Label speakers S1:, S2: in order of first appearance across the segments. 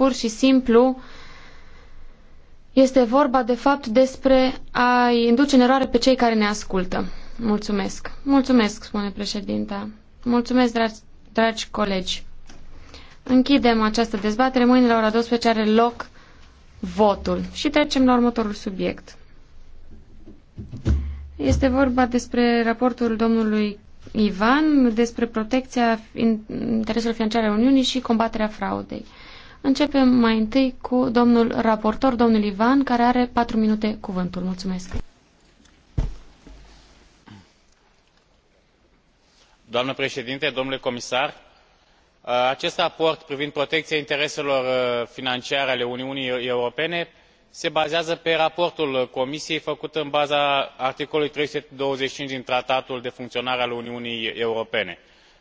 S1: Pur și simplu este vorba de fapt despre a induce în eroare pe cei care ne ascultă. Mulțumesc. Mulțumesc, spune președinta. Mulțumesc, dragi, dragi colegi. Închidem această dezbatere. Mâine la ora 12 are loc votul. Și trecem la următorul subiect. Este vorba despre raportul domnului Ivan despre protecția intereselor financiare ale Uniunii și combaterea fraudei. Începem mai întâi cu domnul raportor, domnul Ivan, care are patru minute cuvântul. Mulțumesc.
S2: Doamnă președinte, domnule comisar, acest raport privind protecția intereselor uh, financiare ale Uniunii Europene se bazează pe raportul Comisiei făcut în baza articolului 325 din Tratatul de funcționare al Uniunii Europene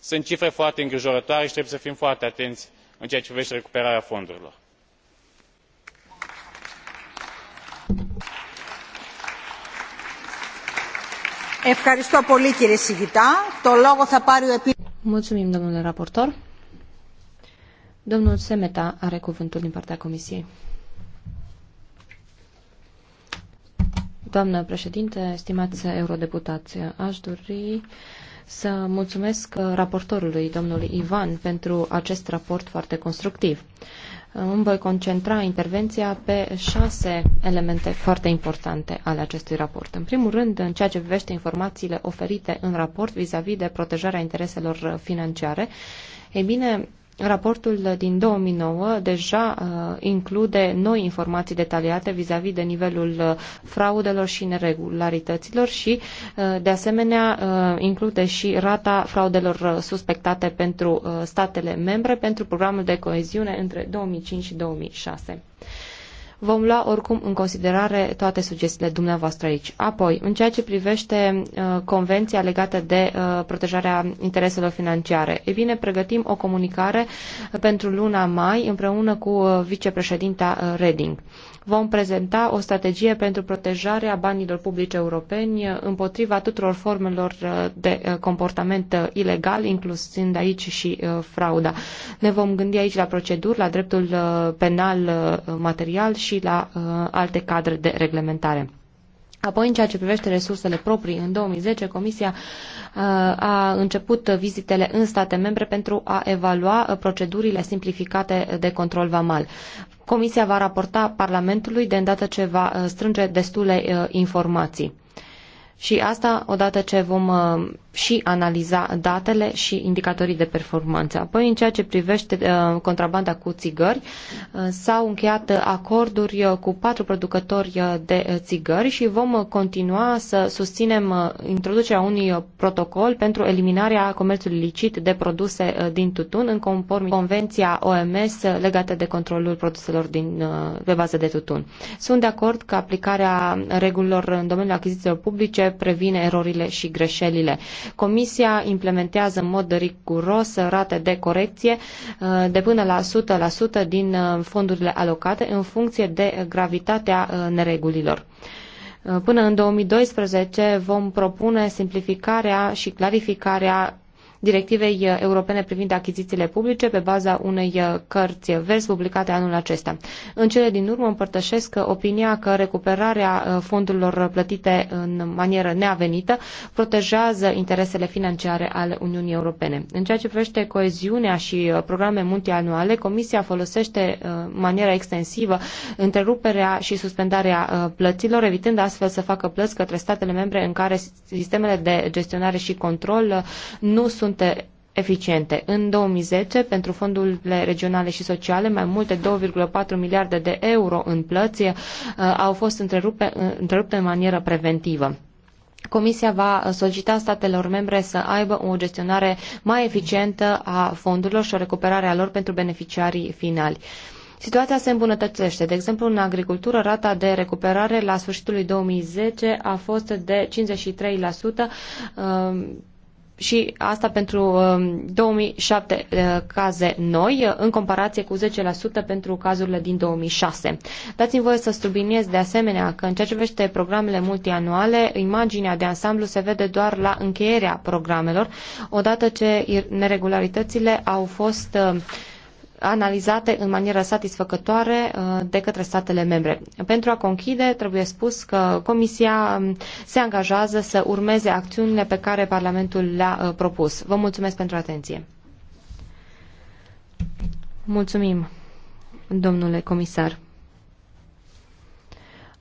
S2: sunt cifre foarte îngrijorătoare i trebuie să fim foarte ateni în ceea ce privete recuperarea fondurilor.
S3: Mulțumim, domnule raportor. Domnul Semeta are partea Comisiei. Doamnă președinte, stimați eurodeputați, aș dori să mulțumesc uh, raportorului, domnul Ivan, pentru acest raport foarte constructiv. Uh, îmi voi concentra intervenția pe șase elemente foarte importante ale acestui raport. În primul rând, în ceea ce privește informațiile oferite în raport vis-a-vis -vis de protejarea intereselor financiare, ei bine, Raportul din 2009 deja uh, include noi informații detaliate vis-a-vis -vis de nivelul uh, fraudelor și neregularităților și, uh, de asemenea, include și rata fraudelor suspectate pentru statele membre pentru programul de coeziune între 2005 și 2006. Vom lua oricum în considerare toate sugestiile dumneavoastră aici. Apoi, în ceea ce privește uh, convenția legată de uh, protejarea intereselor financiare, e bine, pregătim o comunicare pentru luna mai împreună cu uh, vicepreședinta uh, Reding vom prezenta o strategie pentru protejarea banilor publici europeni împotriva tuturor formelor uh, de uh, comportament uh, ilegal, inclusiv aici și frauda. Ne vom gândi aici la proceduri, la dreptul penal material și la alte cadre de reglementare. Apoi, în ceea ce privește resursele proprii, în 2010 Comisia uh, a început vizitele în state membre pentru a evalua uh, procedurile simplificate de control vamal. Comisia va raporta Parlamentului de îndată ce va uh, strânge destule informații. Și asta odată ce vom uh, și analiza datele și indicatorii de performanță. Apoi, în ceea ce privește uh, contrabanda cu țigări, uh, s-au încheiat acorduri cu patru producători de țigări și vom continua să susținem introducerea unui protocol pentru eliminarea comerțului licit de produse din tutun în conform Convenția OMS legată de controlul produselor din, pe bază de tutun. Sunt de acord că aplicarea regulilor în domeniul achizițiilor publice previne erorile și greșelile. Comisia implementează în mod riguros rate de corecție uh, de până la 100% din uh, fondurile alocate în funcție de gravitatea uh, neregulilor. Până în 2012 vom propune simplificarea și clarificarea directivei uh, europene privind achizițiile publice pe baza unei uh, cărți verzi publicate anul acesta. În cele din urmă împărtășesc uh, opinia că recuperarea fondurilor plătite în manieră neavenită protejează interesele financiare ale Uniunii Europene. În ceea ce privește coeziunea și programe multianuale, Comisia folosește în maniera extensivă întreruperea și suspendarea plăților, evitând astfel să facă plăți către statele membre în care sistemele de gestionare și control nu sunt sunt eficiente. În 2010, pentru fondurile regionale și sociale, mai multe 2,4 miliarde de euro în plăți uh, au fost întrerupte, uh, întrerupte în manieră preventivă. Comisia va solicita statelor membre să aibă o gestionare mai eficientă a fondurilor și o recuperare a lor pentru beneficiarii finali. Situația se îmbunătățește. De exemplu, în agricultură, rata de recuperare la sfârșitul 2010 a fost de 53% și asta pentru 2007 um, uh, caze noi, uh, în comparație cu 10% pentru cazurile din 2006. Dați-mi voie să subliniez de asemenea că în ceea ce privește programele multianuale, imaginea de ansamblu se vede doar la încheierea programelor, odată ce neregularitățile au fost uh, analizate în manieră satisfăcătoare uh, de către statele membre. Pentru a conchide, trebuie spus că Comisia um, se angajează să urmeze acțiunile pe care Parlamentul le-a uh, propus. Vă mulțumesc pentru atenție. Mulțumim, domnule comisar.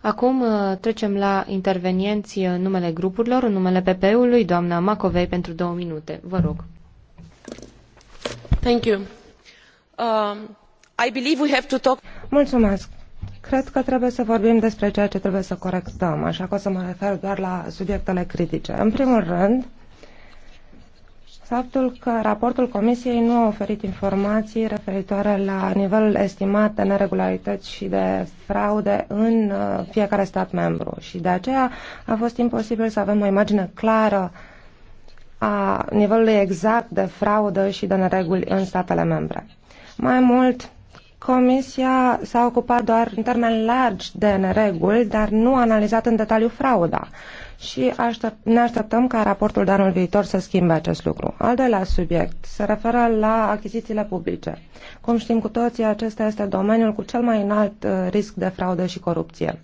S3: Acum uh, trecem la intervenienți în numele grupurilor, în numele PP-ului, doamna Macovei, pentru două minute. Vă rog.
S4: Thank you. Um, Cred că trebuie să vorbim despre ceea ce trebuie să corectăm, așa că o să mă refer doar la subiectele critice. În primul rând, faptul că raportul Comisiei nu a oferit informații referitoare la nivelul estimat de neregularități și de fraude în uh, fiecare stat membru și de aceea a fost imposibil să avem o imagine clară a nivelului exact de fraudă și de nereguli în statele membre. Mai mult, Comisia s-a ocupat doar în termen largi de nereguli, dar nu a analizat în detaliu frauda și aștept, ne așteptăm ca raportul de anul viitor să schimbe acest lucru. Al doilea subiect se referă la achizițiile publice. Cum știm cu toții, acesta este domeniul cu cel mai înalt uh, risc de fraudă și corupție.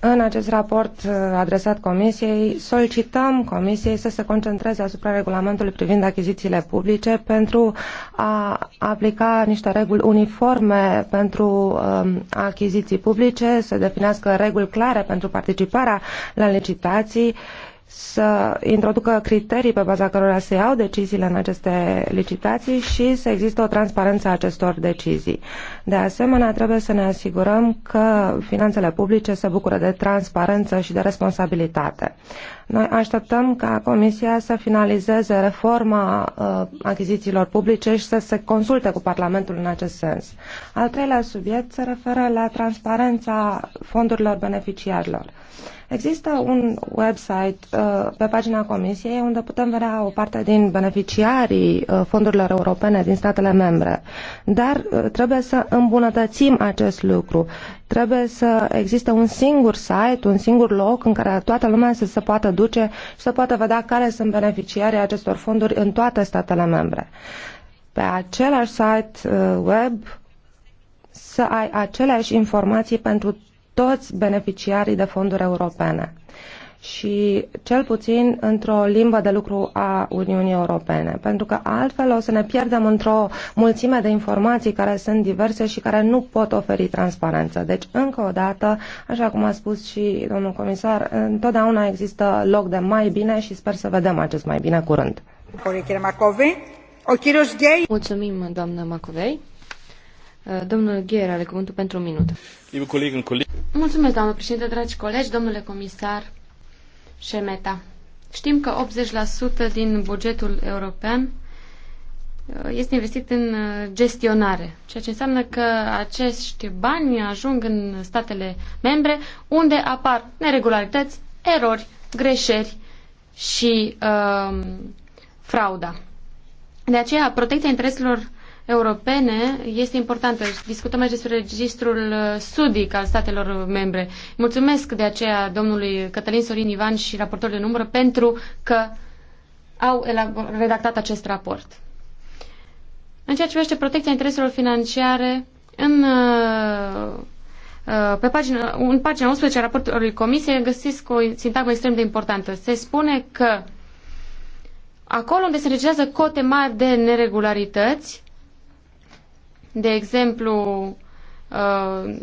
S4: În acest raport uh, adresat Comisiei, solicităm Comisiei să se concentreze asupra regulamentului privind achizițiile publice pentru a aplica niște reguli uniforme pentru um, achiziții publice, să definească reguli clare pentru participarea la licitații, să introducă criterii pe baza cărora se iau deciziile în aceste licitații și să existe o transparență a acestor decizii. De asemenea, trebuie să ne asigurăm că finanțele publice se bucură de transparență și de responsabilitate. Noi așteptăm ca Comisia să finalizeze reforma uh, achizițiilor publice și să se consulte cu Parlamentul în acest sens. Al treilea subiect se referă la transparența fondurilor beneficiarilor. Există un website uh, pe pagina Comisiei unde putem vedea o parte din beneficiarii uh, fondurilor europene din statele membre, dar uh, trebuie să îmbunătățim acest lucru. Trebuie să existe un singur site, un singur loc în care toată lumea să se poată duce și să poată vedea care sunt beneficiarii acestor fonduri în toate statele membre. Pe același site uh, web să ai aceleași informații pentru toți beneficiarii de fonduri europene și cel puțin într-o limbă de lucru a Uniunii Europene, pentru că altfel o să ne pierdem într-o mulțime de informații care sunt diverse și care nu pot oferi transparență. Deci, încă o dată, așa cum a spus și domnul comisar, întotdeauna există loc de mai bine și sper să vedem acest mai bine curând.
S3: Mulțumim, doamnă Macovei. Domnul Gheer are cuvântul pentru un minut. Mulțumesc, doamnă președinte, dragi colegi, domnule comisar.
S1: Șemeta. Știm că 80% din bugetul european uh, este investit în uh, gestionare, ceea ce înseamnă că acești bani ajung în statele membre unde apar neregularități, erori, greșeli și uh, frauda. De aceea, protecția intereselor europene este importantă. Discutăm aici despre registrul uh, sudic al statelor membre. Mulțumesc de aceea domnului Cătălin Sorin Ivan și raportorul de număr pentru că au redactat acest raport. În ceea ce privește protecția intereselor financiare, în, uh, uh, pe pagina, în pagina 11 a raportului Comisiei găsiți o sintagmă extrem de importantă. Se spune că acolo unde se registrează cote mari de neregularități, de exemplu, uh,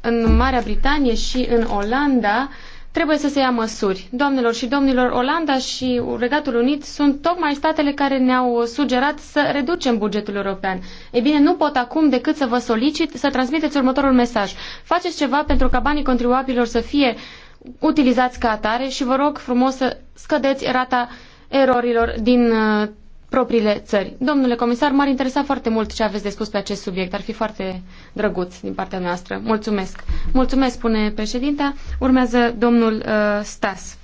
S1: în Marea Britanie și în Olanda, trebuie să se ia măsuri. Doamnelor și domnilor, Olanda și Regatul Unit sunt tocmai statele care ne-au sugerat să reducem bugetul european. Ei bine, nu pot acum decât să vă solicit să transmiteți următorul mesaj. Faceți ceva pentru ca banii contribuabililor să fie utilizați ca atare și vă rog frumos să scădeți rata erorilor din uh, propriile țări. Domnule comisar, m-ar interesa foarte mult ce aveți de spus pe acest subiect. Ar fi foarte drăguț din partea noastră. Mulțumesc. Mulțumesc, spune președinta. Urmează domnul uh, Stas.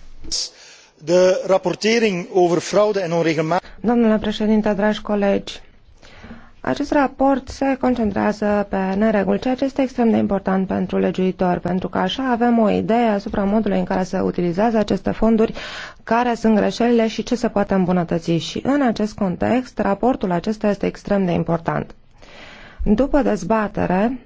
S4: De raportering over fraude en onregelmatigheid. Domnule președinte, dragi colegi, acest raport se concentrează pe nereguli, ceea ce este extrem de important pentru legiuitor, pentru că așa avem o idee asupra modului în care se utilizează aceste fonduri, care sunt greșelile și ce se poate îmbunătăți. Și în acest context, raportul acesta este extrem de important. După dezbatere,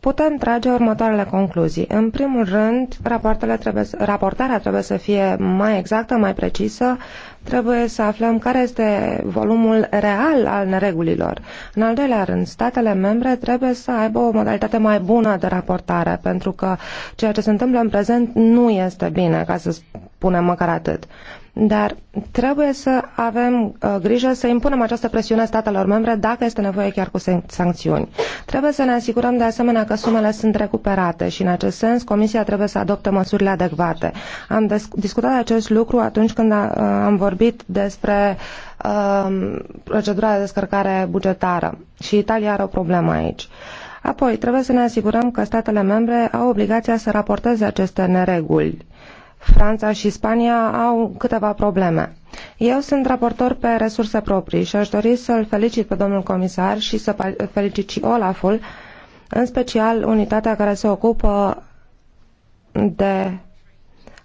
S4: putem trage următoarele concluzii. În primul rând, rapoartele trebuie, raportarea trebuie să fie mai exactă, mai precisă. Trebuie să aflăm care este volumul real al neregulilor. În al doilea rând, statele membre trebuie să aibă o modalitate mai bună de raportare, pentru că ceea ce se întâmplă în prezent nu este bine, ca să spunem măcar atât. Dar trebuie să avem uh, grijă să impunem această presiune statelor membre dacă este nevoie chiar cu sancțiuni. Trebuie să ne asigurăm de asemenea că sumele sunt recuperate și în acest sens Comisia trebuie să adopte măsurile adecvate. Am discutat acest lucru atunci când uh, am vorbit despre uh, procedura de descărcare bugetară și Italia are o problemă aici. Apoi, trebuie să ne asigurăm că statele membre au obligația să raporteze aceste nereguli Franța și Spania au câteva probleme. Eu sunt raportor pe resurse proprii și aș dori să-l felicit pe domnul comisar și să felicit și Olaful, în special unitatea care se ocupă de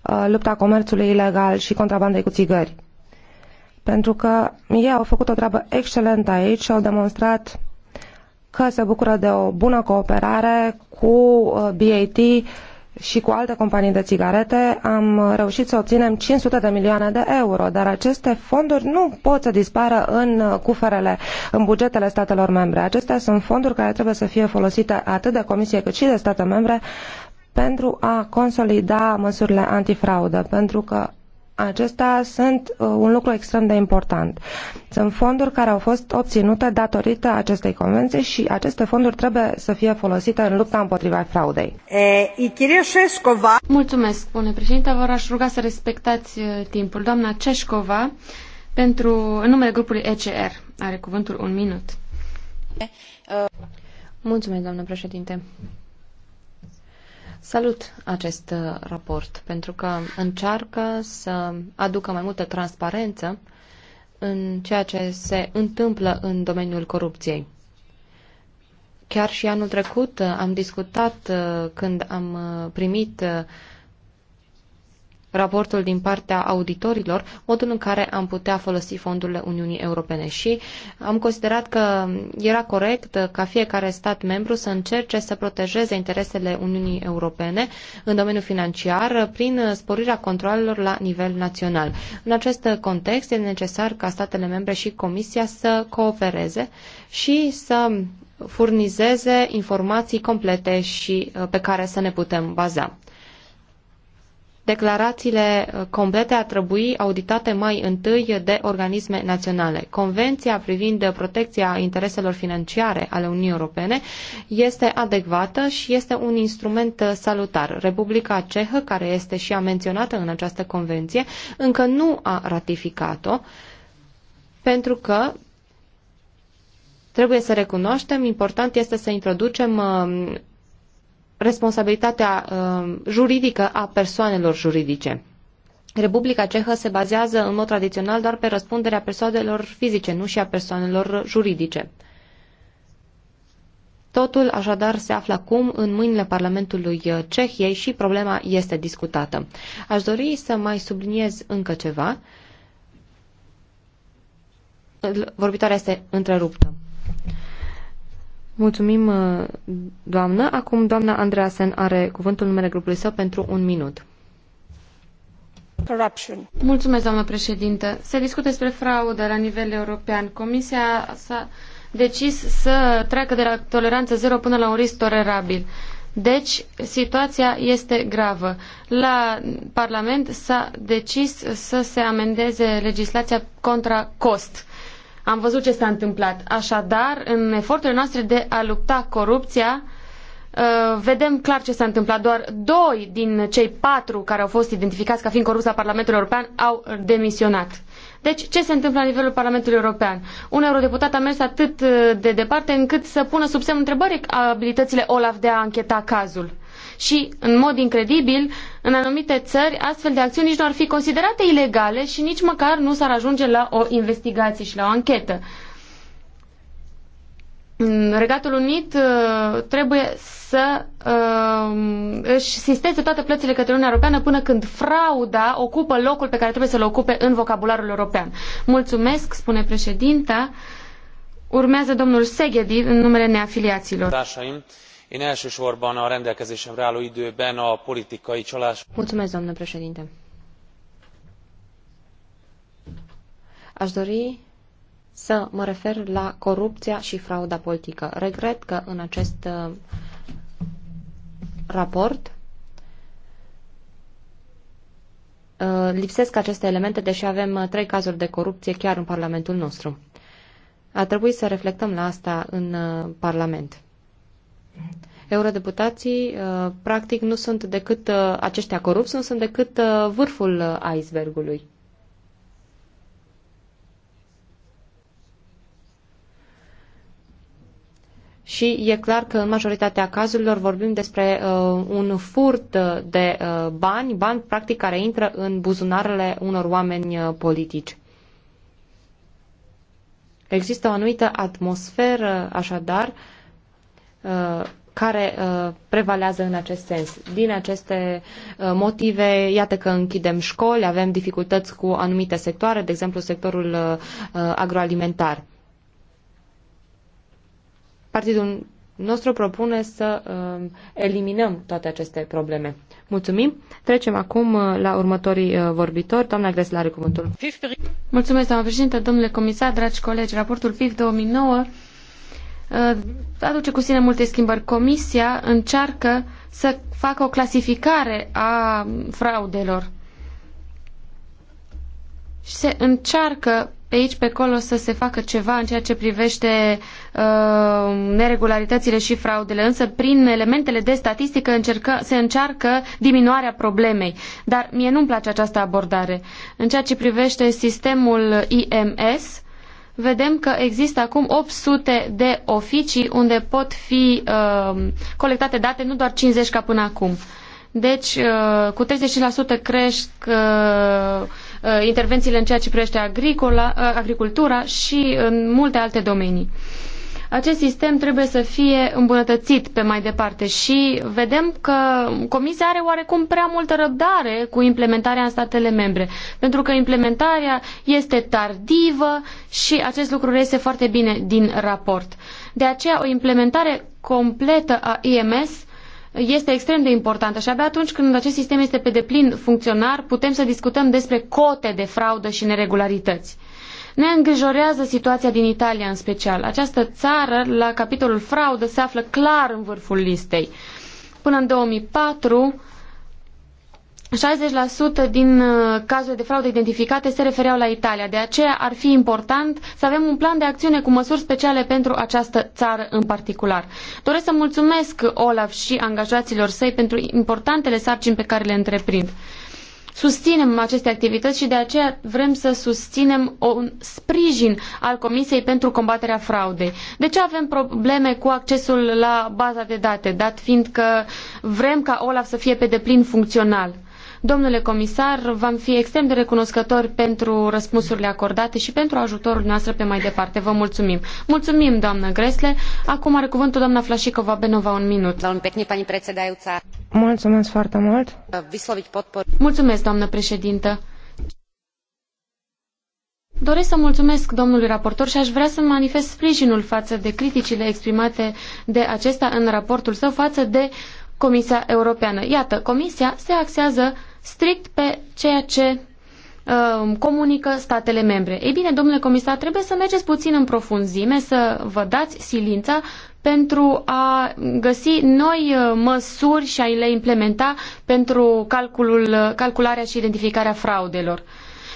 S4: uh, lupta comerțului ilegal și contrabandei cu țigări. Pentru că ei au făcut o treabă excelentă aici și au demonstrat că se bucură de o bună cooperare cu uh, BAT, și cu alte companii de țigarete am reușit să obținem 500 de milioane de euro, dar aceste fonduri nu pot să dispară în cuferele, în bugetele statelor membre. Acestea sunt fonduri care trebuie să fie folosite atât de Comisie cât și de state membre pentru a consolida măsurile antifraudă, pentru că acestea sunt uh, un lucru extrem de important. Sunt fonduri care au fost obținute datorită acestei convenții și aceste fonduri trebuie să fie folosite în lupta împotriva fraudei.
S1: Mulțumesc, spune președinte. Vă aș ruga să respectați uh, timpul. Doamna Ceșcova, pentru, în numele grupului ECR, are cuvântul un minut.
S3: Mulțumesc, doamnă președinte. Salut acest uh, raport pentru că încearcă să aducă mai multă transparență în ceea ce se întâmplă în domeniul corupției. Chiar și anul trecut uh, am discutat uh, când am primit raportul din partea auditorilor, modul în care am putea folosi fondurile Uniunii Europene și am considerat că era corect ca fiecare stat membru să încerce să protejeze interesele Uniunii Europene în domeniul financiar prin sporirea controlelor la nivel național. În acest context este necesar ca statele membre și Comisia să coopereze și să furnizeze informații complete și uh, pe care să ne putem baza declarațiile uh, complete ar trebui auditate mai întâi de organisme naționale. Convenția privind protecția intereselor financiare ale Uniunii Europene este adecvată și este un instrument uh, salutar. Republica Cehă, care este și a menționată în această convenție, încă nu a ratificat-o pentru că trebuie să recunoaștem, important este să introducem uh, responsabilitatea um, juridică a persoanelor juridice. Republica Cehă se bazează în mod tradițional doar pe răspunderea persoanelor fizice, nu și a persoanelor juridice. Totul așadar se află acum în mâinile Parlamentului Cehiei și problema este discutată. Aș dori să mai subliniez încă ceva. Vorbitoarea este întreruptă. Mulțumim, uh, doamnă. Acum doamna Sen are cuvântul numele grupului său pentru un minut.
S1: Corruption. Mulțumesc, doamnă președintă. Se discută despre fraudă la nivel european. Comisia s-a decis să treacă de la toleranță zero până la un risc tolerabil. Deci, situația este gravă. La Parlament s-a decis să se amendeze legislația contra cost am văzut ce s-a întâmplat. Așadar, în eforturile noastre de a lupta corupția, uh, vedem clar ce s-a întâmplat. Doar doi din cei patru care au fost identificați ca fiind corupți la Parlamentul European au demisionat. Deci, ce se întâmplă la nivelul Parlamentului European? Un eurodeputat a mers atât uh, de departe încât să pună sub semn întrebării abilitățile Olaf de a încheta cazul și, în mod incredibil, în anumite țări, astfel de acțiuni nici nu ar fi considerate ilegale și nici măcar nu s-ar ajunge la o investigație și la o anchetă. Regatul Unit uh, trebuie să uh, își sisteze toate plățile către Uniunea Europeană până când frauda ocupă locul pe care trebuie să-l ocupe în vocabularul european. Mulțumesc, spune președinta. Urmează domnul Seghedi în numele neafiliaților.
S2: Da, én elsősorban a rendelkezésemre álló időben a politikai csalás.
S3: dori să mă refer la corupția și frauda politică. Regret că în acest uh, raport uh, lipsesc aceste elemente, deși avem uh, trei cazuri de corupție chiar în Parlamentul nostru. A trebuit să reflectăm la asta în Parlament eurodeputații uh, practic nu sunt decât, uh, aceștia corupți nu sunt decât uh, vârful icebergului. Și e clar că în majoritatea cazurilor vorbim despre uh, un furt de uh, bani, bani practic care intră în buzunarele unor oameni uh, politici. Există o anumită atmosferă, așadar, uh, Uh, care uh, prevalează în acest sens. Din aceste uh, motive, iată că închidem școli, avem dificultăți cu anumite sectoare, de exemplu sectorul agroalimentar. Partidul nostru propune să eliminăm toate aceste probleme. Mulțumim. Trecem acum la următorii vorbitori. Doamna Gresla are cuvântul. Mulțumesc, doamna președinte,
S1: domnule comisar, dragi colegi. Raportul PIF 2009 aduce cu sine multe schimbări. Comisia încearcă să facă o clasificare a fraudelor. Și se încearcă pe aici, pe acolo să se facă ceva în ceea ce privește uh, neregularitățile și fraudele, însă prin elementele de statistică încercă, se încearcă diminuarea problemei. Dar mie nu-mi place această abordare. În ceea ce privește sistemul IMS, vedem că există acum 800 de oficii unde pot fi uh, colectate date, nu doar 50 ca până acum. Deci, uh, cu 35% cresc uh, uh, intervențiile în ceea ce privește agricola, uh, agricultura și în multe alte domenii. Uh, acest sistem trebuie să fie îmbunătățit pe mai departe și vedem că Comisia are oarecum prea multă răbdare cu implementarea în statele membre, pentru că implementarea este tardivă și acest lucru reiese foarte bine din raport. De aceea, o implementare completă a IMS este extrem de importantă și abia atunci când acest sistem este pe deplin funcționar, putem să discutăm despre cote de fraudă și neregularități. Ne îngrijorează situația din Italia în special. Această țară, la capitolul fraudă, se află clar în vârful listei. Până în 2004, 60% din uh, cazurile de fraudă identificate se refereau la Italia. De aceea ar fi important să avem un plan de acțiune cu măsuri speciale pentru această țară în particular. Doresc să mulțumesc Olaf și angajaților săi pentru importantele sarcini pe care le întreprind susținem aceste activități și de aceea vrem să susținem un sprijin al Comisiei pentru combaterea fraudei. De ce avem probleme cu accesul la baza de date, dat fiind că vrem ca OLAF să fie pe deplin funcțional? Domnule comisar, v-am fi extrem de recunoscător pentru răspunsurile acordate și pentru ajutorul noastră pe mai departe. Vă mulțumim. Mulțumim, doamnă Gresle. Acum are cuvântul doamna Flașicova Benova un minut.
S4: Mulțumesc foarte mult.
S1: Mulțumesc, doamnă președintă. Doresc să mulțumesc domnului raportor și aș vrea să manifest sprijinul față de criticile exprimate de acesta în raportul său față de Comisia Europeană. Iată, Comisia se axează strict pe ceea ce um, comunică statele membre. Ei bine, domnule comisar, trebuie să mergeți puțin în profunzime, să vă dați silința pentru a găsi noi uh, măsuri și a le implementa pentru calculul, calcularea și identificarea fraudelor.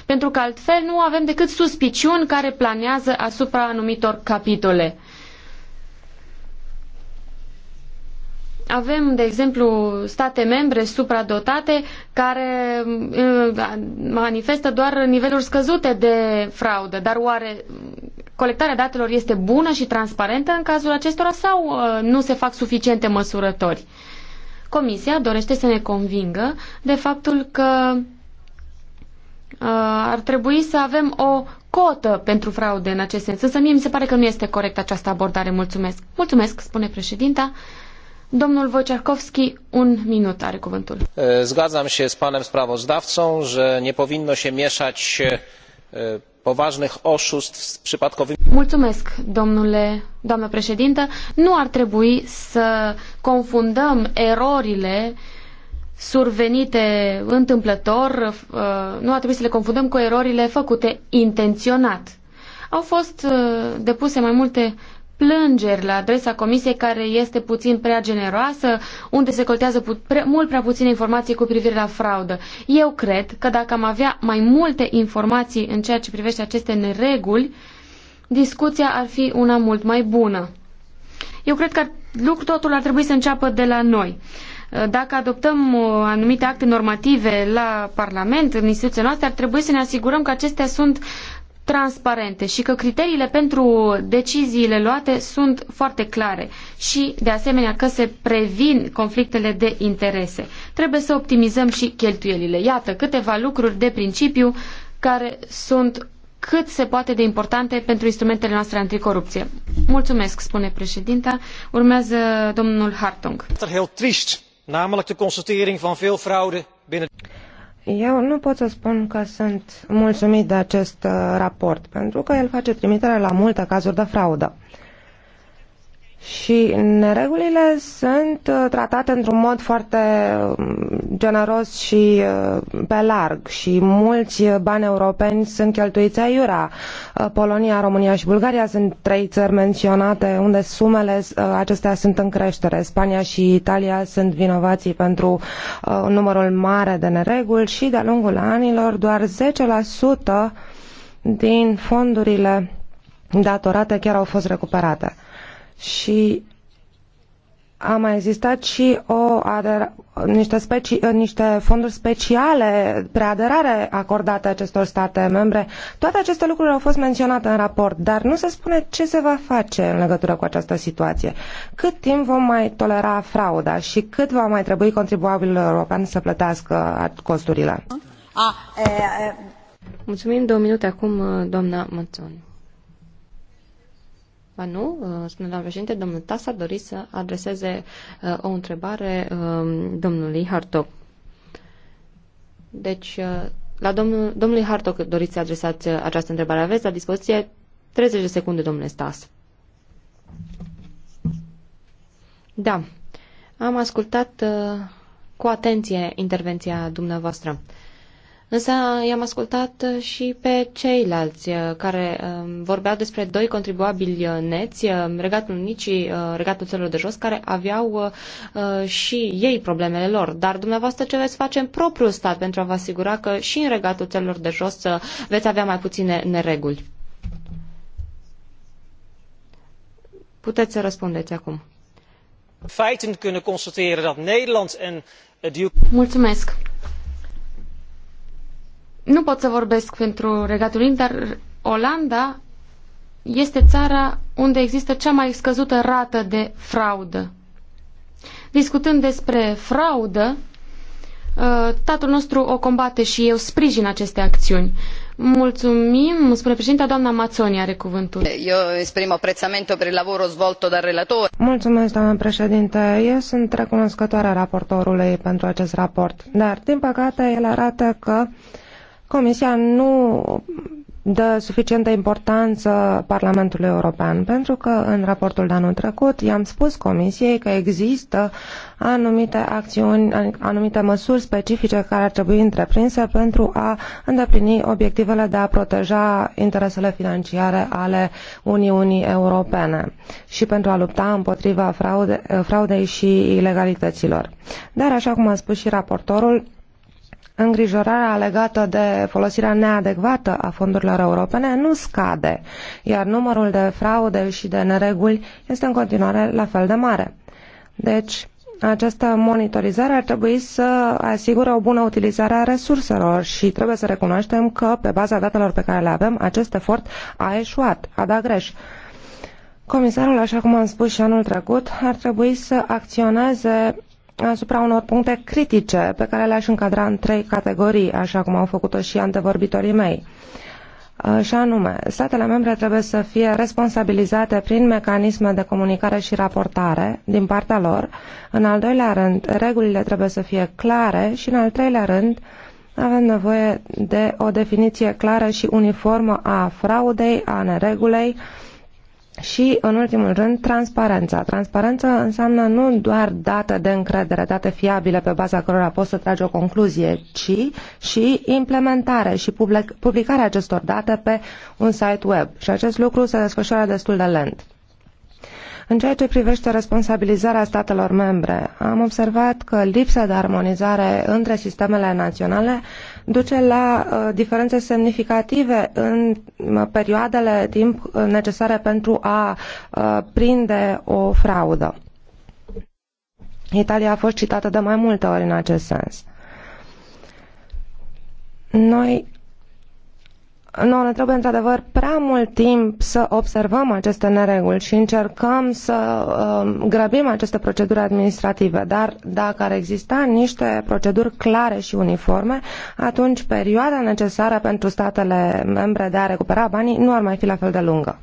S1: Pentru că altfel nu avem decât suspiciuni care planează asupra anumitor capitole. Avem, de exemplu, state membre supradotate care manifestă doar niveluri scăzute de fraudă, dar oare colectarea datelor este bună și transparentă în cazul acestora sau nu se fac suficiente măsurători? Comisia dorește să ne convingă de faptul că ar trebui să avem o cotă pentru fraude în acest sens. Însă mie mi se pare că nu este corectă această abordare. Mulțumesc. Mulțumesc, spune președinta. Domnul Wojciechowski, un minut are cuvântul.
S2: Zgadzam się z panem sprawozdawcą, że nie powinno się mieszać poważnych oszustw z przypadkowymi...
S1: Mulțumesc, domnule, doamnă președintă. Nu ar trebui să confundăm erorile survenite întâmplător, nu ar trebui să le confundăm cu erorile făcute intenționat. Au fost depuse mai multe plângeri la adresa comisiei care este puțin prea generoasă, unde se coltează pre, mult prea puține informații cu privire la fraudă. Eu cred că dacă am avea mai multe informații în ceea ce privește aceste nereguli, discuția ar fi una mult mai bună. Eu cred că lucrul totul ar trebui să înceapă de la noi. Dacă adoptăm uh, anumite acte normative la Parlament, în instituțiile noastre, ar trebui să ne asigurăm că acestea sunt transparente și că criteriile pentru deciziile luate sunt foarte clare și, de asemenea, că se previn conflictele de interese. Trebuie să optimizăm și cheltuielile. Iată câteva lucruri de principiu care sunt cât se poate de importante pentru instrumentele noastre anticorupție. Mulțumesc, spune președinta. Urmează
S4: domnul Hartung. fraude eu nu pot să spun că sunt mulțumit de acest uh, raport, pentru că el face trimitere la multe cazuri de fraudă. Uh, și neregulile sunt uh, tratate într-un mod foarte um, generos și uh, pe larg și mulți bani europeni sunt cheltuiți aiurea. Uh, Polonia, România și Bulgaria sunt trei țări menționate unde sumele acestea sunt în creștere. Spania și Italia sunt vinovații pentru numărul mare de nereguli și de-a lungul anilor doar 10% din fondurile datorate chiar au fost recuperate și a mai existat și o niște, specii, niște fonduri speciale, preaderare acordate acestor state membre. Toate aceste lucruri au fost menționate în raport, dar nu se spune ce se va face în legătură cu această situație. Cât timp vom mai tolera frauda și cât va mai trebui contribuabilul european să plătească costurile?
S3: A, e, e. Mulțumim două minute acum, doamna Mățoni. Ba nu, uh, spune doamna președinte, domnul Tas a dorit să adreseze uh, o întrebare um, domnului Hartog. Deci, uh, la domnul, domnului Hartog doriți să adresați această întrebare. Aveți la dispoziție 30 de secunde, domnule Stas. Da, am ascultat cu atenție intervenția dumneavoastră. Uh, Însă i-am ascultat uh, și pe ceilalți uh, care um, vorbeau despre doi contribuabili uh, neți, Regatul nici și Regatul Țărilor de Jos, care aveau și ei problemele lor. Dar dumneavoastră ce veți face în propriul stat pentru a vă asigura că și în Regatul Țărilor de Jos veți avea mai puține nereguli? Puteți să răspundeți acum.
S2: Nederland Mulțumesc.
S1: Nu pot să vorbesc pentru Regatul Unit, dar Olanda este țara unde există cea mai scăzută rată de fraudă. Discutând despre fraudă, uh, Tatăl nostru o combate și eu sprijin aceste acțiuni. Mulțumim, spune președinta, doamna Mazzoni are cuvântul.
S2: Eu exprim apprezzamento pentru il lavoro svolto dal relator.
S4: Mulțumesc, doamna președinte. Eu sunt recunoscătoare raportorului pentru acest raport, dar, din păcate, el arată că uh, Comisia nu dă suficientă importanță Parlamentului European, pentru că în raportul de anul trecut i-am spus Comisiei că există anumite acțiuni, anumite măsuri specifice care ar trebui întreprinse pentru a îndeplini obiectivele de a proteja interesele financiare ale Uniunii Europene și pentru a lupta împotriva fraude, fraudei și ilegalităților. Dar, așa cum a spus și raportorul, îngrijorarea legată de folosirea neadecvată a fondurilor europene nu scade, iar numărul de fraude și de nereguli este în continuare la fel de mare. Deci, această monitorizare ar trebui să asigure o bună utilizare a resurselor și trebuie să recunoaștem că, pe baza datelor pe care le avem, acest efort a eșuat, a dat greș. Comisarul, așa cum am spus și anul trecut, ar trebui să acționeze asupra unor puncte critice pe care le-aș încadra în trei categorii, așa cum au făcut-o și antevorbitorii mei. Și anume, statele membre trebuie să fie responsabilizate prin mecanisme de comunicare și raportare din partea lor. În al doilea rând, regulile trebuie să fie clare și în al treilea rând, avem nevoie de o definiție clară și uniformă a fraudei, a neregulei, uh, și, în ultimul rând, transparența. Transparența înseamnă nu doar date de încredere, date fiabile pe baza cărora poți să tragi o concluzie, ci și implementare și publicarea acestor date pe un site web. Și acest lucru se desfășoară destul de lent. În ceea ce privește responsabilizarea statelor membre, am observat că lipsa de armonizare între sistemele naționale duce la uh, diferențe semnificative în uh, perioadele de timp uh, necesare pentru a prinde o fraudă. Italia a fost citată de mai multe ori în acest sens. Noi nouă ne trebuie într-adevăr prea mult timp să observăm aceste nereguli și încercăm să um, grăbim aceste proceduri administrative, dar dacă ar exista niște proceduri clare și uniforme, atunci perioada necesară pentru statele membre de a recupera banii nu ar mai fi la fel de lungă.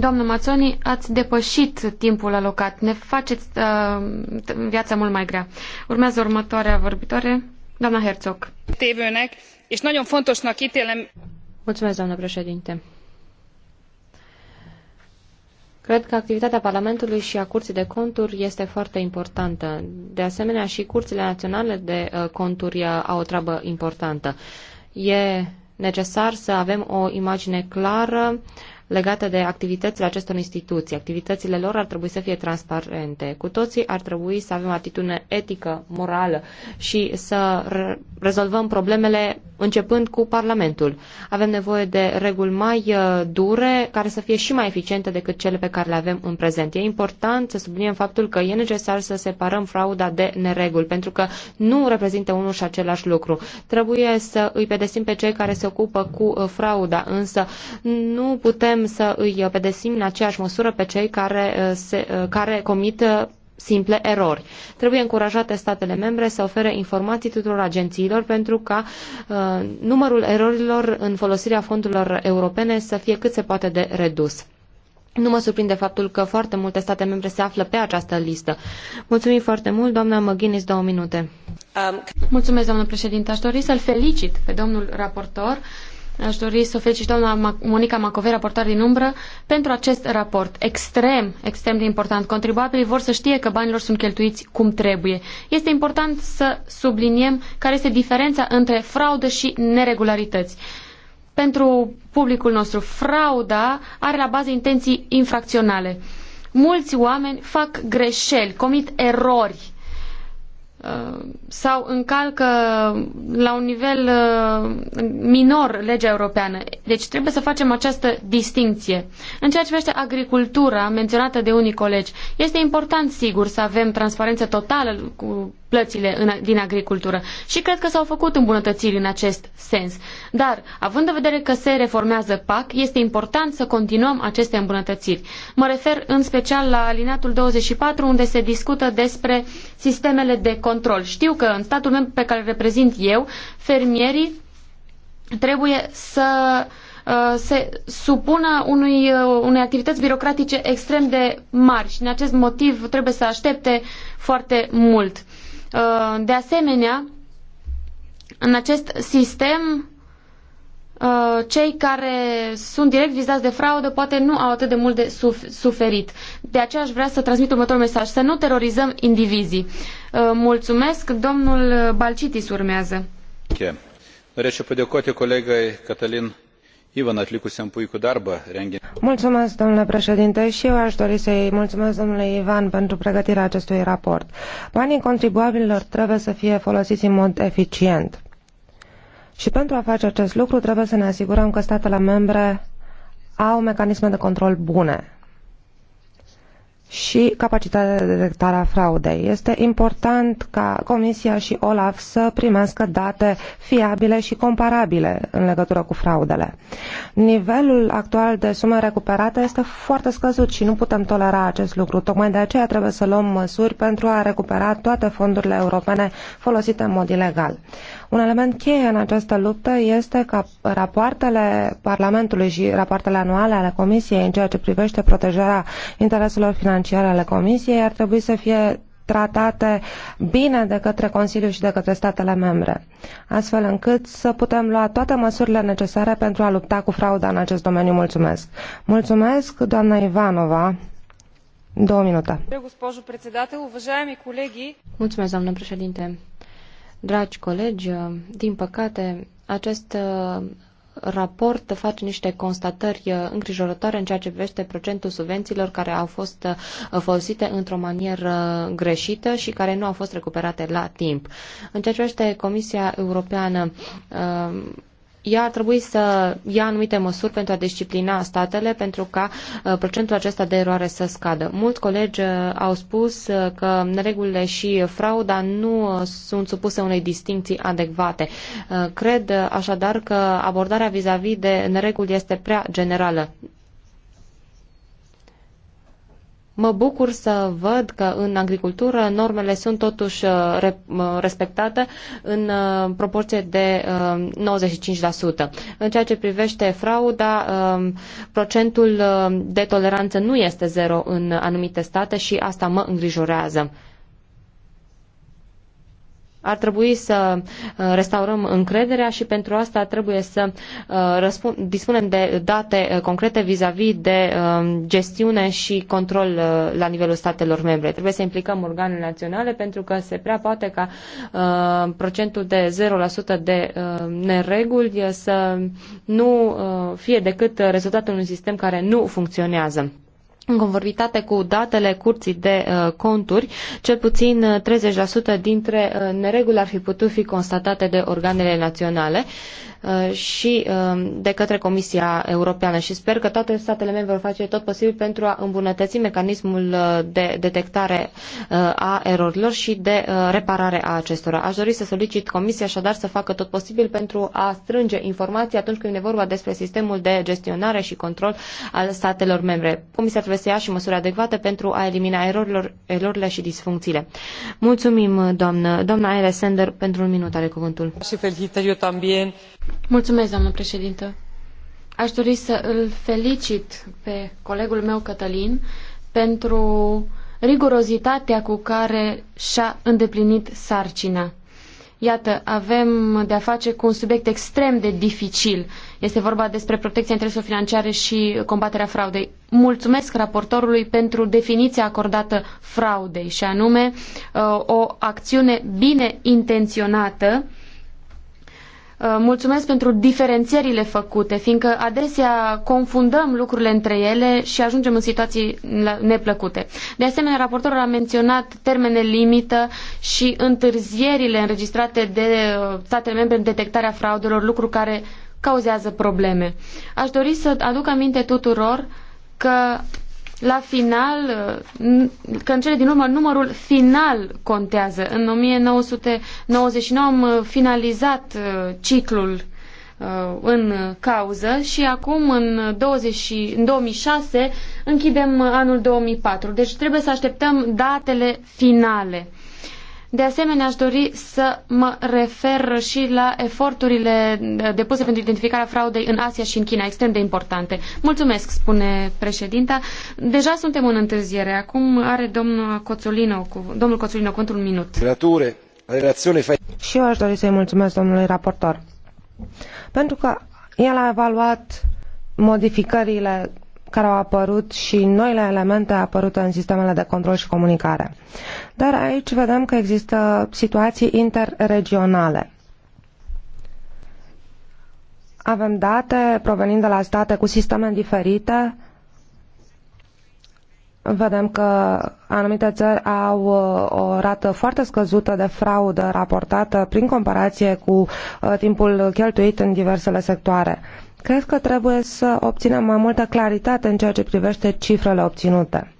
S4: Doamnă Mazzoni,
S1: ați depășit timpul alocat. Ne faceți uh, viața mult mai grea.
S3: Urmează următoarea vorbitoare.
S4: Tévőnek, és nagyon fontosnak ítélem...
S3: doamnă președinte. Cred că activitatea Parlamentului și a Curții de Conturi este foarte importantă. De asemenea, și Curțile Naționale de uh, Conturi uh, au o treabă importantă. E necesar să avem o imagine clară uh, legate de activitățile acestor instituții. Activitățile lor ar trebui să fie transparente. Cu toții ar trebui să avem atitudine etică, morală și să rezolvăm problemele începând cu Parlamentul. Avem nevoie de reguli mai uh, dure care să fie și mai eficiente decât cele pe care le avem în prezent. E important să subliniem faptul că e necesar să separăm frauda de nereguli, pentru că nu reprezintă unul și același lucru. Trebuie să îi pedepsim pe cei care se ocupă cu uh, frauda, însă nu putem putem să îi pedesim în aceeași măsură pe cei care, uh, se, uh, care comit uh, simple erori. Trebuie încurajate statele membre să ofere informații tuturor agențiilor pentru ca numărul erorilor în folosirea fondurilor europene să fie cât se poate de redus. Nu mă surprinde faptul că foarte multe state membre se află pe această listă. Mulțumim foarte mult, doamna McGuinness, două minute. Um... Mulțumesc, doamnă președinte. Aș dori să-l felicit pe domnul raportor uh,
S1: Aș dori să o felicit doamna Monica Macovei, raportar din umbră, pentru acest raport extrem, extrem de important. Contribuabilii vor să știe că banilor sunt cheltuiți cum trebuie. Este important să subliniem care este diferența între fraudă și neregularități. Pentru publicul nostru, frauda are la bază intenții infracționale. Mulți oameni fac greșeli, comit erori Uh, sau încalcă la un nivel uh, minor legea europeană. Deci trebuie să facem această distinție. În ceea ce privește agricultura menționată de unii colegi, este important, sigur, să avem transparență totală cu plățile din agricultură și cred că s-au făcut îmbunătățiri în acest sens. Dar, având în vedere că se reformează PAC, este important să continuăm aceste îmbunătățiri. Mă refer în special la alinatul 24, unde se discută despre sistemele de control. Știu că în statul meu pe care îl reprezint eu, fermierii trebuie să uh, se supună unui, uh, unei activități birocratice extrem de mari și din acest motiv trebuie să aștepte foarte mult. Uh, de asemenea, în acest sistem, cei care sunt direct vizați de fraudă poate nu au atât de mult de suferit. De aceea aș vrea să transmit următorul mesaj, să nu terorizăm indivizii. Uh, mulțumesc.
S4: Domnul Balcitis urmează.
S2: Norėčiau padėkoti kolegai Katalin Ivan atlikusiam puikų darbą rengiant.
S4: Mulțumesc, domnule președinte, și eu aș dori să-i mulțumesc domnului Ivan pentru pregătirea acestui raport. Banii contribuabililor trebuie să fie folosiți în mod eficient. Și pentru a face acest lucru trebuie să ne asigurăm că statele membre au mecanisme de control bune și capacitatea de detectare a fraudei. Este important ca Comisia și OLAF să primească date fiabile și comparabile în legătură cu fraudele. Nivelul actual de sume recuperate este foarte scăzut și nu putem tolera acest lucru. Tocmai de aceea trebuie să luăm măsuri pentru a recupera toate fondurile europene folosite în mod ilegal. Un element cheie în această luptă este ca rapoartele Parlamentului și rapoartele anuale ale Comisiei în ceea ce privește protejarea intereselor financiare financiare ale Comisiei ar trebui să fie tratate bine de către Consiliu și de către statele membre, astfel încât să putem lua toate măsurile necesare pentru a lupta cu frauda în acest domeniu. Mulțumesc! Mulțumesc, doamna Ivanova! Două minute.
S3: Mulțumesc, doamnă președinte! Dragi colegi, din păcate, acest raport face niște constatări uh, îngrijorătoare în ceea ce privește procentul subvențiilor care au fost uh, folosite într-o manieră greșită și care nu au fost recuperate la timp. În ceea ce privește Comisia Europeană, uh, ea ar trebui să ia anumite măsuri pentru a disciplina statele pentru ca uh, procentul acesta de eroare să scadă. Mulți colegi uh, au spus uh, că neregulile și frauda nu sunt supuse unei distinții adecvate. Cred așadar că abordarea vis-a-vis -vis de nereguli este prea generală. Mă bucur să văd că în agricultură normele sunt totuși uh, uh, respectate în uh, proporție de 95%. În ceea ce privește frauda, um, procentul de toleranță nu este zero în anumite state și asta mă îngrijorează. Ar trebui să uh, restaurăm încrederea și pentru asta trebuie să uh, dispunem de date uh, concrete vis-a-vis de gestiune și control la nivelul statelor membre. Trebuie să implicăm organele naționale pentru că se prea poate ca procentul de 0% de nereguli să nu fie decât rezultatul unui sistem care nu funcționează în conformitate cu datele curții de uh, conturi, cel puțin 30% uh, dintre uh, nereguli ar fi putut fi constatate de organele naționale. Uh, și um, de către Comisia Europeană și sper că toate statele membre vor face tot posibil pentru a îmbunătăți mecanismul uh, de detectare uh, a erorilor și de reparare a acestora. Aș dori să solicit Comisia așadar să facă tot posibil pentru a strânge informații atunci când e vorba despre sistemul de gestionare și control al statelor membre. Comisia trebuie să ia și măsuri adecvate pentru a elimina erorilor, erorile și disfuncțiile. Mulțumim, doamnă. Doamna Sender, pentru un minut are cuvântul.
S4: Și felicitări eu también.
S3: Mulțumesc, doamnă președintă.
S1: Aș dori să îl felicit pe colegul meu, Cătălin, pentru rigurozitatea cu care și-a îndeplinit sarcina. Iată, avem de-a face cu un subiect extrem de dificil. Este vorba despre protecția intereselor financiare și combaterea fraudei. Mulțumesc raportorului pentru definiția acordată fraudei, și anume uh, o acțiune bine intenționată Uh, mulțumesc pentru diferențierile făcute, fiindcă adesea confundăm lucrurile între ele și ajungem în situații neplăcute. De asemenea, raportorul a menționat termene limită și întârzierile înregistrate de uh, statele membre în detectarea fraudelor, lucru care cauzează probleme. Aș dori să aduc aminte tuturor că la final, uh, că în cele din urmă numărul final contează. În 1999 am uh, finalizat uh, ciclul în cauză și acum în, 20, în 2006 închidem anul 2004. Deci trebuie să așteptăm datele finale. De asemenea, aș dori să mă refer și la eforturile depuse pentru identificarea fraudei în Asia și în China, extrem de importante. Mulțumesc, spune președinta. Deja suntem în întârziere. Acum are domnul Coțolino, domnul Coțolino, cu un minut.
S4: Și eu aș dori să-i mulțumesc domnului raportor. Pentru că el a evaluat modificările care au apărut și noile elemente apărute în sistemele de control și comunicare. Dar aici vedem că există situații interregionale. Avem date provenind de la state cu sisteme diferite. Vedem că anumite țări au uh, o rată foarte scăzută de fraudă raportată prin comparație cu uh, timpul cheltuit în diversele sectoare. Cred că trebuie să obținem mai multă claritate în ceea ce privește cifrele obținute.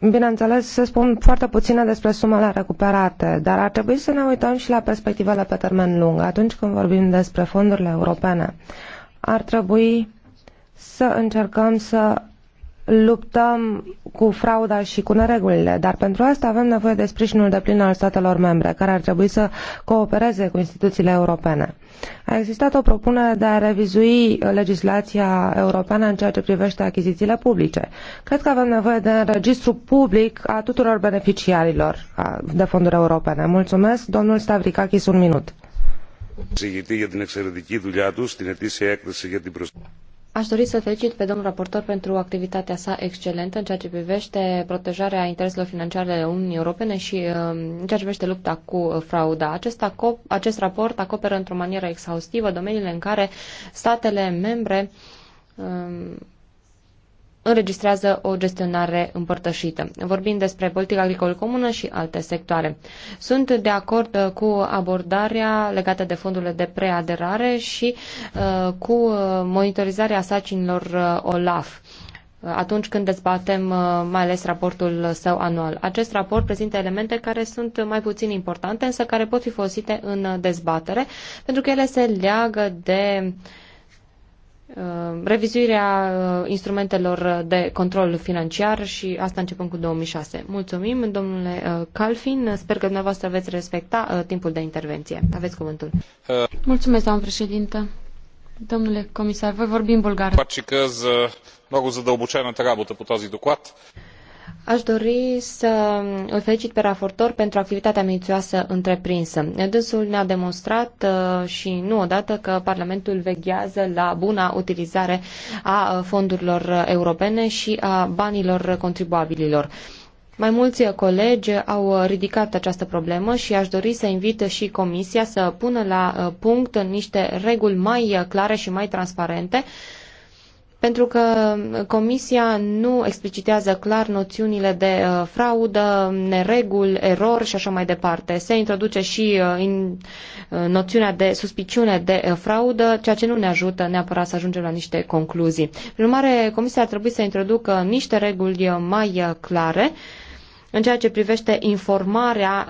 S4: Bineînțeles, se spun foarte puține despre sumele recuperate, dar ar trebui să ne uităm și la perspectivele pe termen lung. Atunci când vorbim despre fondurile europene, ar trebui să încercăm să luptăm cu frauda și cu neregulile, dar pentru asta avem nevoie de sprijinul de plin al statelor membre, care ar trebui să coopereze cu instituțiile europene. A existat o propunere de a revizui uh, legislația europeană în ceea ce privește achizițiile publice. Cred că avem nevoie de un registru public a tuturor beneficiarilor uh, de fonduri europene. Mulțumesc, domnul Stavrikakis, un minut. Aș dori să felicit pe domnul raportor
S3: pentru activitatea sa excelentă în ceea ce privește protejarea intereselor financiare ale Uniunii Europene și um, în ceea ce privește lupta cu frauda. Acest, acop, acest raport acoperă într-o manieră exhaustivă domeniile în care statele membre um, înregistrează o gestionare împărtășită. Vorbim despre politica agricolă comună și alte sectoare. Sunt de acord uh, cu abordarea legată de fondurile de preaderare și uh, cu uh, monitorizarea sacinilor OLAF atunci când dezbatem mai ales raportul său anual. Acest raport prezintă elemente care sunt mai puțin importante, însă care pot fi folosite în dezbatere, pentru că ele se leagă de uh, Uh, revizuirea uh, instrumentelor de control financiar și asta începând cu 2006. Mulțumim, domnule uh, Calfin. Sper că dumneavoastră veți respecta timpul de intervenție. Aveți cuvântul. Mulțumesc, doamnă președintă. Domnule comisar, voi vorbi în bulgară.
S2: Faci că много задълбочената работа по този доклад.
S3: Aș dori să îl felicit pe raportor pentru activitatea minuțioasă întreprinsă. Dânsul ne-a demonstrat uh, și nu odată că Parlamentul veghează la buna utilizare a fondurilor europene și a banilor contribuabililor. Mai mulți colegi au ridicat această problemă și aș dori să invit și Comisia să pună la uh, punct niște reguli mai uh, clare și mai transparente pentru că Comisia nu explicitează clar noțiunile de uh, fraudă, nereguli, erori și așa mai departe. Se introduce și în uh, uh, noțiunea de suspiciune de fraudă, ceea ce nu ne ajută neapărat să ajungem la niște concluzii. Prin urmare, Comisia ar trebui să introducă niște reguli mai clare în ceea ce privește informarea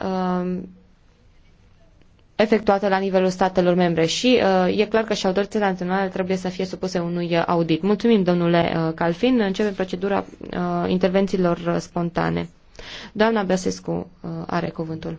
S3: efectuate la nivelul statelor membre și uh, e clar că și autoritățile naționale trebuie să fie supuse unui uh, audit. Mulțumim, domnule uh, Calfin. Începem procedura intervențiilor spontane. Doamna Băsescu are cuvântul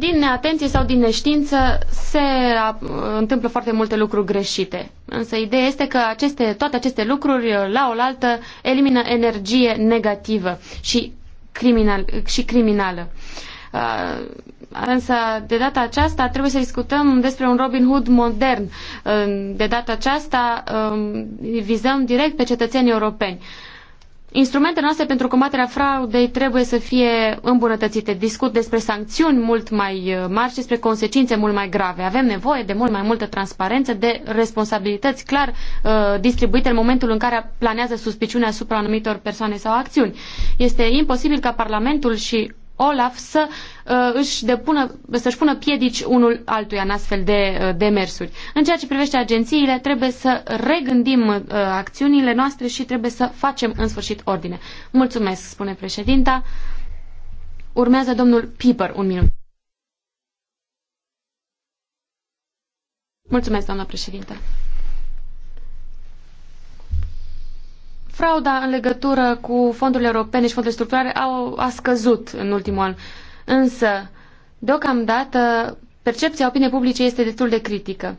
S1: din neatenție sau din neștiință se întâmplă foarte multe lucruri greșite. Însă ideea este că aceste, toate aceste lucruri la oaltă elimină energie negativă și, criminal, și criminală. Uh, însă de data aceasta trebuie să discutăm despre un Robin Hood modern. Uh, de data aceasta uh, vizăm direct pe cetățenii europeni. Uh, Instrumentele noastre pentru combaterea fraudei trebuie să fie îmbunătățite. Discut despre sancțiuni mult mai uh, mari și despre consecințe mult mai grave. Avem nevoie de mult mai multă transparență, de responsabilități clar uh, distribuite în momentul în care planează suspiciunea asupra anumitor persoane sau acțiuni. Este imposibil ca Parlamentul și Olaf să uh, își depună, să-și pună piedici unul altuia în astfel de uh, demersuri. În ceea ce privește agențiile, trebuie să regândim uh, acțiunile noastre și trebuie să facem în sfârșit ordine. Mulțumesc, spune președinta. Urmează domnul Piper, un minut. Mulțumesc, doamna președinte. frauda în legătură cu fondurile europene și fondurile structurale au, a scăzut în ultimul an. Însă, deocamdată, percepția opiniei publice este destul de critică.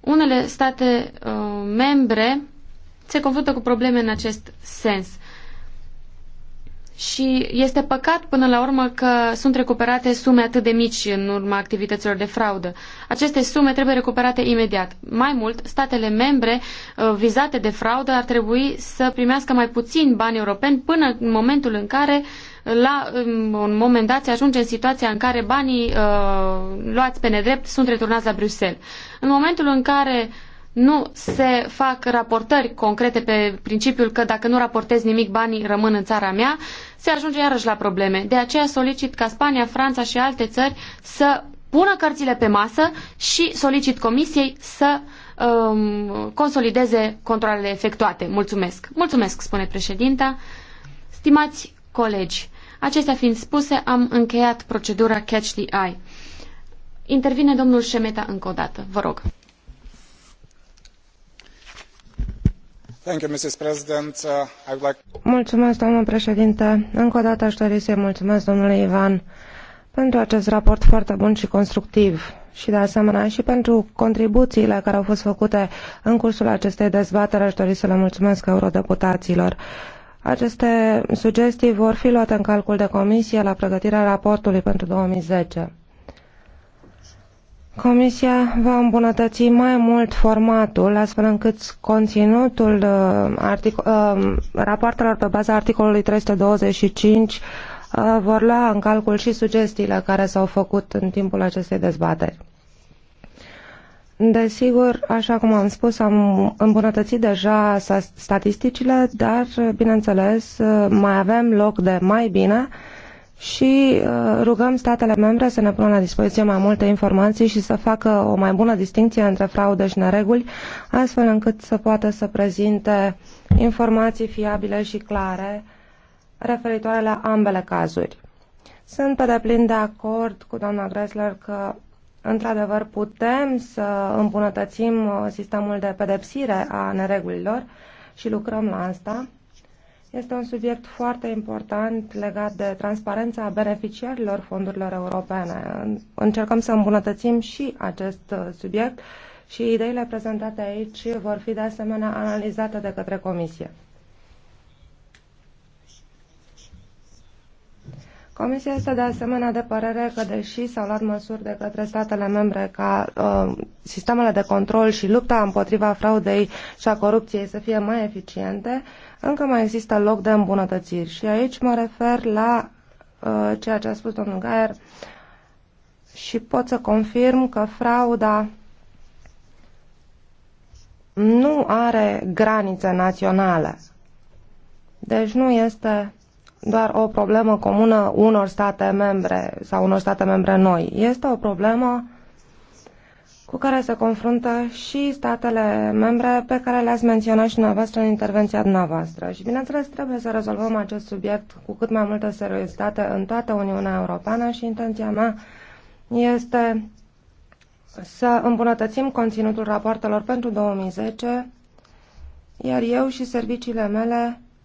S1: Unele state uh, membre se confruntă cu probleme în acest sens și este păcat până la urmă că sunt recuperate sume atât de mici în urma activităților de fraudă. Aceste sume trebuie recuperate imediat. Mai mult, statele membre uh, vizate de fraudă ar trebui să primească mai puțin bani europeni până în momentul în care la um, un moment dat se ajunge în situația în care banii uh, luați pe nedrept sunt returnați la Bruxelles. În momentul în care nu se fac raportări concrete pe principiul că dacă nu raportez nimic, banii rămân în țara mea, se ajunge iarăși la probleme. De aceea solicit ca Spania, Franța și alte țări să pună cărțile pe masă și solicit comisiei să um, consolideze controlele efectuate. Mulțumesc. Mulțumesc, spune președinta. Stimați colegi, acestea fiind spuse, am încheiat procedura Catch the Eye. Intervine domnul Șemeta încă o dată. Vă rog.
S2: Uh,
S4: mulțumesc, președinte. Încă o dată aș dori să-i mulțumesc domnului Ivan pentru acest raport foarte bun și constructiv și de asemenea și pentru contribuțiile care au fost făcute în cursul acestei dezbateri. Aș dori să le mulțumesc eurodeputaților. Aceste sugestii vor fi luate în calcul de comisie la pregătirea raportului pentru 2010. Comisia va îmbunătăți mai mult formatul, astfel încât conținutul uh, uh rapoartelor pe baza articolului 325 uh, vor lua în calcul și sugestiile care s-au făcut în timpul acestei dezbateri. Desigur, așa cum am spus, am îmbunătățit deja statisticile, dar, bineînțeles, uh, mai avem loc de mai bine uh, și uh, rugăm statele membre să ne pună la dispoziție mai multe informații și să facă o mai bună distinție între fraude și nereguli, astfel încât să poată să prezinte informații fiabile și clare referitoare la ambele cazuri. Sunt pe deplin de acord cu doamna Gressler că într-adevăr putem să îmbunătățim uh, sistemul de pedepsire a neregulilor și lucrăm la asta este un subiect foarte important legat de transparența beneficiarilor fondurilor europene. Încercăm să îmbunătățim și acest uh, subiect și ideile prezentate aici vor fi de asemenea analizate de către Comisie. Comisia este de asemenea de părere că, deși s-au luat măsuri de către statele membre ca uh, sistemele de control și lupta împotriva fraudei și a corupției să fie mai eficiente, încă mai există loc de îmbunătățiri. Și aici mă refer la uh, ceea ce a spus domnul Gaier și pot să confirm că frauda nu are granițe naționale. Deci nu este doar o problemă comună unor state membre sau unor state membre noi. Este o problemă cu care se confruntă și statele membre pe care le-ați menționat și dumneavoastră în intervenția dumneavoastră. Și bineînțeles trebuie să rezolvăm acest subiect cu cât mai multă seriozitate în toată Uniunea Europeană și intenția mea este să îmbunătățim conținutul rapoartelor pentru 2010, iar eu și serviciile mele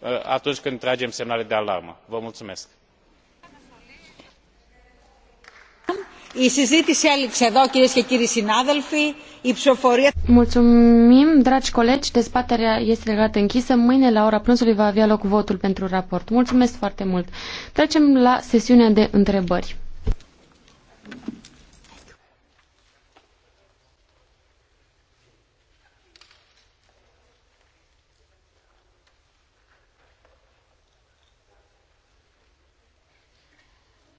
S2: Uh, atunci când tragem semnale de alarmă. Vă mulțumesc.
S1: Mulțumim, dragi colegi, dezbaterea este legată închisă. Mâine, la ora prânzului, va avea loc votul pentru raport. Mulțumesc foarte mult. Trecem la sesiunea de întrebări.